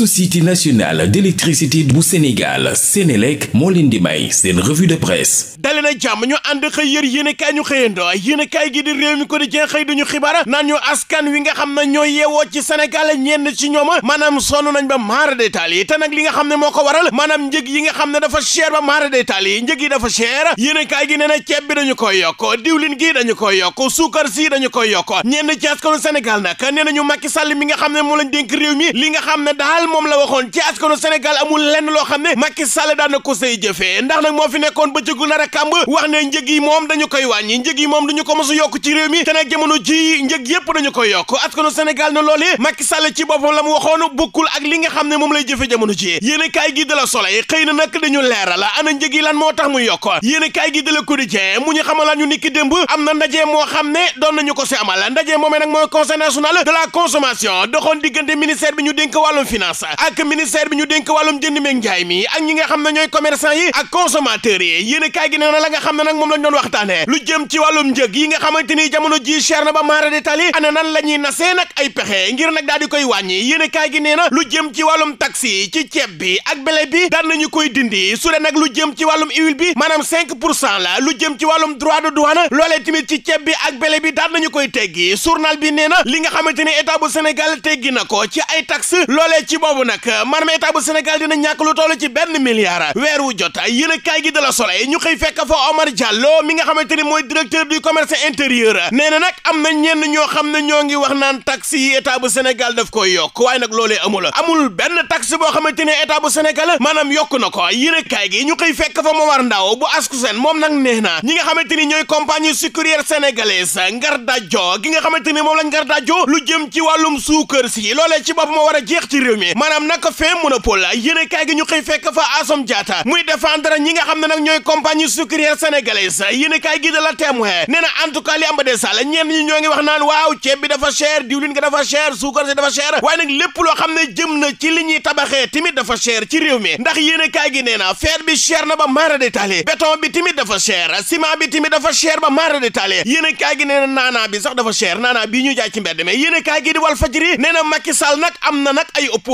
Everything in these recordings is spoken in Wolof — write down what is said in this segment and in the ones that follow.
société nationale d'électricité bu Sénégal Sénélec moo leen di may seen revue de presse dali na jàmm ñu ànd xëy yër yéenekaay ñu xëyando yéenekaay gi di réew mi ko di jeex xëy duñu xibaar naan ñu askan wi nga xam ne ñoo yeewoo ci Sénégal ñenn ci ñoom maanaam sonn nañ ba maara détaal te nag li nga xam ne moo ko waral maanaam njëg yi nga xam ne dafa cher ba maara détaal yi njëg yi dafa cher yéenekaay gi nee na ceeb bi dañu koy yokk diwlin gi dañu koy yokk suukar si dañu koy yokk ñenn ci askanu Sénégal nag nee mi nga xam ne moom la waxoon ci askanu Sénégal amul lenn loo xam ne Macky Sall daan na ko say jëfee ndax nag moo fi nekkoon bëccëgu na a kàmb wax ne njëg yi moom dañu koy wàññi njëg yi moom duñu ko mosu yokk ci réew mi te nag jamono ji njëg yépp dañu koy yokk askanu Sénégal ne loolee Macky Sall ci boppam la mu waxoon bukkul ak li nga xam ne moom lay jëfe jamono ji yéen kaay gi de la Soleil xëy na nag dañu leeral ana njëg yi lan moo tax mu yokk yéen kaay gi de la Quotidien mu ñu xamalaan ñu niki démb am na ndaje moo xam ne doon nañu ko finance ak ministère bi ñu dénk wàllum jënd meeg njaay mi ak ñi nga xam ne ñooy commerçant yi ak consommateurs yi yéen a kaay gi nee na la nga xam ne nag moom lañ doon waxtaane lu jëm ci wàllum njëg yi nga xamante ni jamono ji cher na ba maara détaali ana nan la ñuy nasee nag ay pexe ngir nag daal di koy wàññi yéen a kaay gi lu jëm ci wàllum taxi ci ceeb bi ak bele bi daan nañu koy dindi su nag lu jëm ci wàllum huile bi maanaam cinq pour cent la lu jëm ci wàllum droit de douane loolee tamit ci ceeb bi ak bele bi daan nañu koy teggi journal bi nee na li nga xamante ni état bu Sénégal teggi na ko ci ay taxe boobu nag marmé état bu Sénégal dina ñàkk lu toll ci benn milliard weer wu jot yéen a kaay gi de la Soleil ñu xëy fekk fo Omar Diallo mi nga xamante ni mooy directeur du commerce intérieur nee na nag am na ñenn ñoo xam ne ñoo ngi wax naan taxes yi état bu Sénégal daf koy yokk waaye nag loolee amul amul benn taxe boo xamante ni état bu Sénégal maanaam yokk na ko yéen kaay gi ñu xëy fekk fa Momar Ndao bu Askusen moom nag nee na ñi nga xamante ni ñooy compagnie sucrière sénégalaise ngar dajo gi nga xamante ni moom lañ ngar dajo lu jëm ci wàllum suukar loolee ci bopp moo war a jeex ci réew mi boobee maanaam nag fin monopole yéene kaay gi ñu xëy fekk fa Assome Diatta muy défendre ñi nga xam ne nag ñooy compagnie sucrière sénégalaise yéene kaay gi da la témoin nee na en tout cas li am ba des sall ñenn ñi ngi wax naan waaw ceeb bi dafa cher diwlin nga dafa cher suukar si dafa cher waaye nag lépp loo xam ne jëm na ci li ñuy tabaxee tamit dafa cher ci réew mi ndax yéene kaay gi nee na fer bi cher na ba mara détaillé béton bi tamit dafa cher ciment bi tamit dafa cher ba mara détaillé yéene kaay gi nee na naanaa naanaa bii ñu jaay ci mbedd mais yéene kaay na am na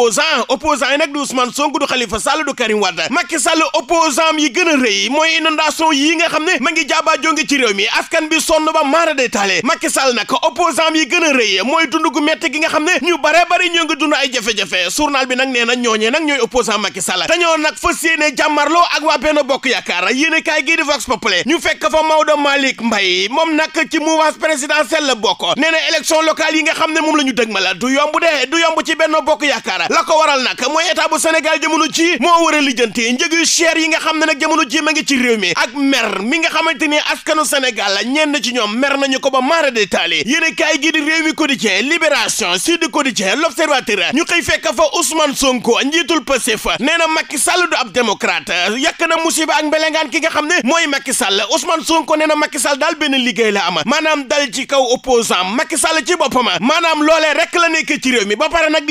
opposant opposant yi nag du Ousmane Sonko du Khalifa Sall du Karim Wade Macky yi gën a rëy mooy inondation yi nga xam ne ma ngi jaabaa jonge ci réew mi askan bi sonn ba maara day taale Macky Sall nag opposant yi gën a rëy mooy dund gu metti gi nga xam ne ñu bare bare ñoo ngi dund ay jafe-jafe journal bi nag nee na ñooñee nag ñooy opposant Macky Sall dañoo nag fas yéene jàmmarloo ak waa Benno Bokk Yaakaar yéene kaay gii di Vox Populi ñu fekk fa Maodo Malick Mbaye moom nag ci mouvance présidentielle la bokk nee na élection locale yi nga xam ne moom la ñu dëgmal du yomb de du yomb ci Benno Bokk Yaakaar la ko waral nag mooy état bu Sénégal jamono ji moo war a lijjantee njëg yu cher yi nga xam ne nag jamono ji ma ngi ci réew mi ak mer mi nga xamante ni askanu Sénégal la ñenn ci ñoom mer nañu ko ba mara de taali yéen kaay gi di réew mi quotidien libération sud quotidien l'observateur ñu xëy fekk fa Ousmane Sonko njiitul Pastef nee na Macky Sall du ab démocrate yàq na musiba ak mbelengaan ki nga xam ne mooy Macky Sall Ousmane Sonko nee na Macky Sall daal benn liggéey la am maanaam dal ci kaw opposant Macky Sall ci boppam la nekk ci réew mi ba pare nag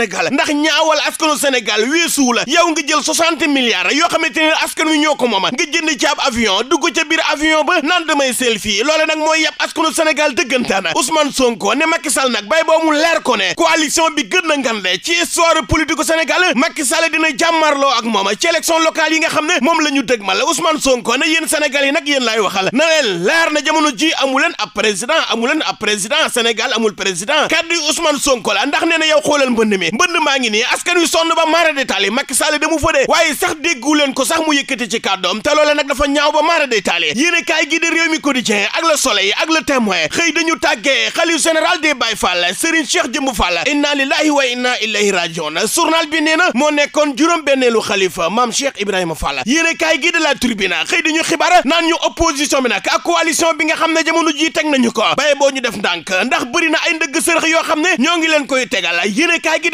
Sénégal ndax ñaawal askanu Sénégal weesuwu la yow nga jël soixante yoo xamante ne askan wi ñoo ko mooman nga jënd ci ab avion dugg ca biir avion ba naan damay selfie loole nag mooy yàpp askanu Sénégal dëggantaana Ousmane Sonko ne Macky nag bay boo mu leer ko ne coalition bi gën na ngande ci histoire politique Sénégal Macky Sall dina jàmmarloo ak mooma ci élection locale yi nga xam ne moom la ñu dëgmal Ousmane ne yéen Sénégal yi nag yéen laay waxal na leen ne mbënd maa ngi nii aska wi sonn ba maara détaali Macky Sall demu fa de waaye sax déggu leen ko sax mu yëkkati ci kàddoom te loole nag dafa ñaaw ba maara détaali yéene kaay gi di réew mi quotidien ak le soleil ak le témoin xëy dañu tàggee xalif général des Baye Fall Serigne Cheikh Jëmb Fall inna lillahi wa inna ilayhi na journal bi nee na moo nekkoon juróom-benneelu xalifa maam Cheikh Ibrahima Fall yéene kaay gi de la tribune xëy dañu xibaar naan ñu opposition bi nag bi nga xam ne jamono ji teg nañu ko baye boo ñu def ndànk ndax bëri na ay ndëgg sërëx yoo xam ne ñoo ngi leen koy tegal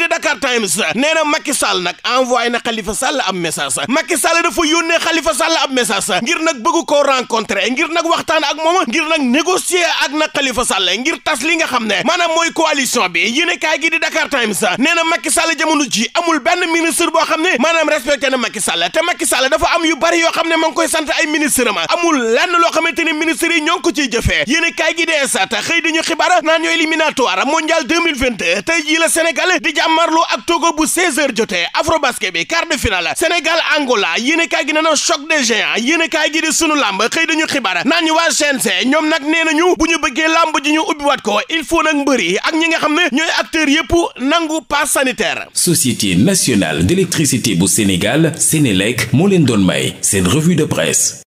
de Dakar Times nee na Macky Sall nag envoyé na Khalifa Sall ab message Macky Sall dafa yónnee Khalifa Sall ab message ngir nag bëgg koo rencontrer ngir nag waxtaan ak moom ngir nag négocier ak nag Khalifa Sall ngir tas li nga xam ne maanaam mooy coalition bi yéene kaay gi di Dakar Times nee na Macky Sall jamono ji amul benn ministre boo xam ne maanaam respecté na Macky Sall te Macky dafa am yu bari yoo xam ne ma ngi koy sant ay ministre ma amul lenn loo xamante ni ministres yi ñoo ngi ko ciy jëfee yéene kaay gi di Stades xëy dañu xibaar naan ñooy éliminatoire mondial 2022 jàmmarloo ak Togo bu 16h jotee Afrobasket bi quart de finale Sénégal Angola yéenekaay gi nee na choc des géants yéenekaay gi di sunu làmb xëy dañu xibaar naa ñu waa CNG ñoom nag nee nañu bu ñu bëggee làmb ji ñu ubbiwaat ko il faut nag mbër yi ak ñi nga xam ne ñooy acteurs yépp nangu pass sanitaire. Société nationale d'électricité bu Sénégal Sénélec moo leen doon may seen revue de presse.